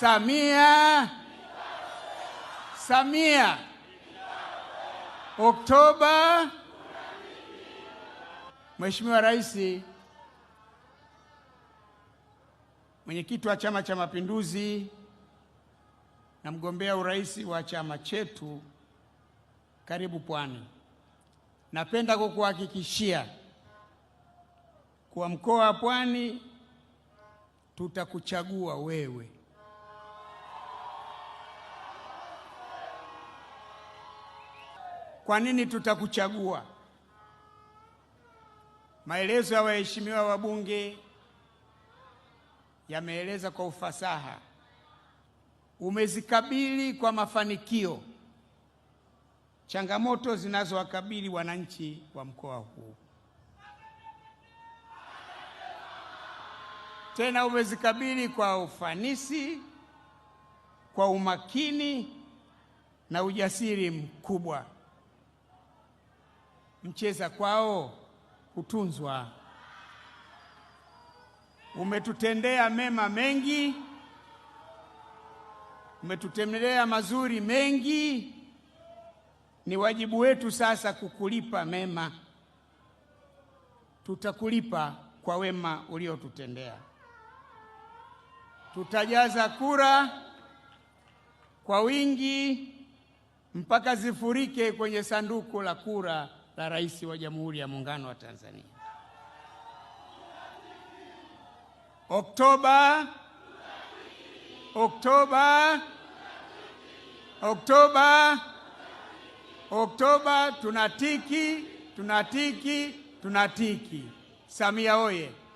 Samia, Samia, Oktoba. Mheshimiwa Rais, mwenyekiti wa Chama cha Mapinduzi na mgombea urais wa chama chetu, karibu Pwani. Napenda kukuhakikishia kwa mkoa wa Pwani tutakuchagua wewe kwa nini tutakuchagua. Maelezo ya waheshimiwa wabunge yameeleza kwa ufasaha, umezikabili kwa mafanikio changamoto zinazowakabili wananchi wa mkoa huu, tena umezikabili kwa ufanisi, kwa umakini na ujasiri mkubwa mcheza kwao hutunzwa. Umetutendea mema mengi, umetutendea mazuri mengi. Ni wajibu wetu sasa kukulipa mema. Tutakulipa kwa wema uliotutendea. Tutajaza kura kwa wingi mpaka zifurike kwenye sanduku la kura la Rais wa Jamhuri ya Muungano wa Tanzania. Oktoba, Oktoba, Oktoba, Oktoba tunatiki, tunatiki, tunatiki. Samia oye!